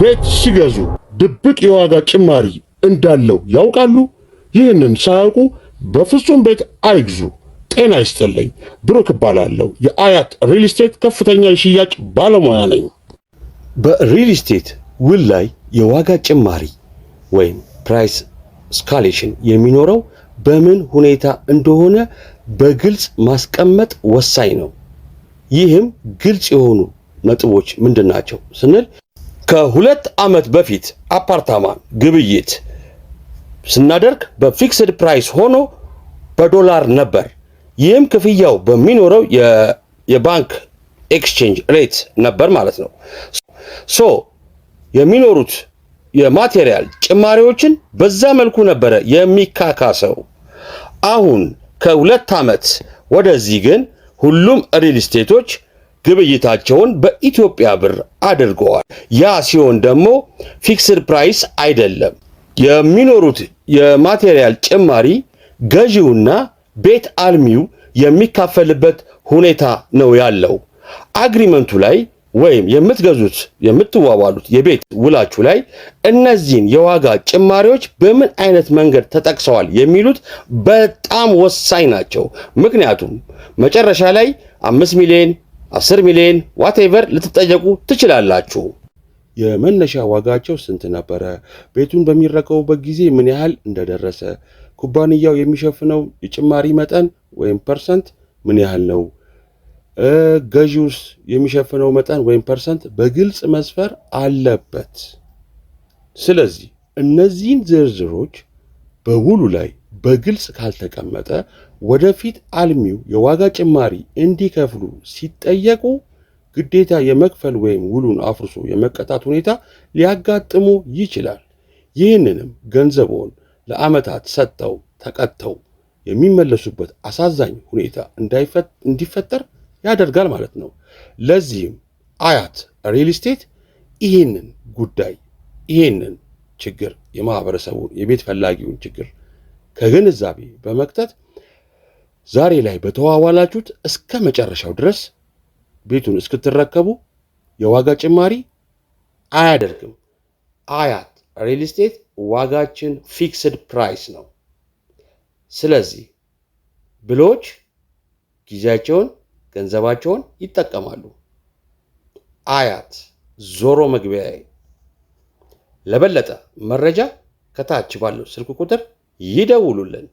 ቤት ሲገዙ ድብቅ የዋጋ ጭማሪ እንዳለው ያውቃሉ? ይህንን ሳያውቁ በፍጹም ቤት አይግዙ። ጤና ይስጥልኝ፣ ብሩክ እባላለሁ። የአያት ሪል ስቴት ከፍተኛ የሽያጭ ባለሙያ ነኝ። በሪል ስቴት ውል ላይ የዋጋ ጭማሪ ወይም ፕራይስ ስካሌሽን የሚኖረው በምን ሁኔታ እንደሆነ በግልጽ ማስቀመጥ ወሳኝ ነው። ይህም ግልጽ የሆኑ ነጥቦች ምንድን ናቸው ስንል ከሁለት ዓመት በፊት አፓርታማ ግብይት ስናደርግ በፊክስድ ፕራይስ ሆኖ በዶላር ነበር። ይህም ክፍያው በሚኖረው የባንክ ኤክስቼንጅ ሬት ነበር ማለት ነው። ሶ የሚኖሩት የማቴሪያል ጭማሪዎችን በዛ መልኩ ነበረ የሚካካሰው። አሁን ከሁለት ዓመት ወደዚህ ግን ሁሉም ሪል ስቴቶች ግብይታቸውን በኢትዮጵያ ብር አድርገዋል። ያ ሲሆን ደግሞ ፊክስድ ፕራይስ አይደለም። የሚኖሩት የማቴሪያል ጭማሪ ገዢውና ቤት አልሚው የሚካፈልበት ሁኔታ ነው ያለው። አግሪመንቱ ላይ ወይም የምትገዙት የምትዋዋሉት የቤት ውላችሁ ላይ እነዚህን የዋጋ ጭማሪዎች በምን አይነት መንገድ ተጠቅሰዋል የሚሉት በጣም ወሳኝ ናቸው። ምክንያቱም መጨረሻ ላይ አምስት ሚሊዮን 10 ሚሊዮን ዋቴቨር ልትጠየቁ ትችላላችሁ። የመነሻ ዋጋቸው ስንት ነበረ? ቤቱን በሚረከቡበት ጊዜ ምን ያህል እንደደረሰ፣ ኩባንያው የሚሸፍነው የጭማሪ መጠን ወይም ፐርሰንት ምን ያህል ነው? ገዢውስ የሚሸፍነው መጠን ወይም ፐርሰንት በግልጽ መስፈር አለበት። ስለዚህ እነዚህን ዝርዝሮች በውሉ ላይ በግልጽ ካልተቀመጠ ወደፊት አልሚው የዋጋ ጭማሪ እንዲከፍሉ ሲጠየቁ ግዴታ የመክፈል ወይም ውሉን አፍርሶ የመቀጣት ሁኔታ ሊያጋጥሙ ይችላል። ይህንንም ገንዘቦን ለዓመታት ሰጥተው ተቀጥተው የሚመለሱበት አሳዛኝ ሁኔታ እንዲፈጠር ያደርጋል ማለት ነው። ለዚህም አያት ሪል ስቴት ይህንን ጉዳይ ይህንን ችግር የማህበረሰቡን የቤት ፈላጊውን ችግር ከግንዛቤ በመክተት ዛሬ ላይ በተዋዋላችሁት እስከ መጨረሻው ድረስ ቤቱን እስክትረከቡ የዋጋ ጭማሪ አያደርግም። አያት ሪል ስቴት ዋጋችን ፊክስድ ፕራይስ ነው። ስለዚህ ብሎች ጊዜያቸውን፣ ገንዘባቸውን ይጠቀማሉ። አያት ዞሮ መግቢያዬ። ለበለጠ መረጃ ከታች ባለው ስልክ ቁጥር ይደውሉልን።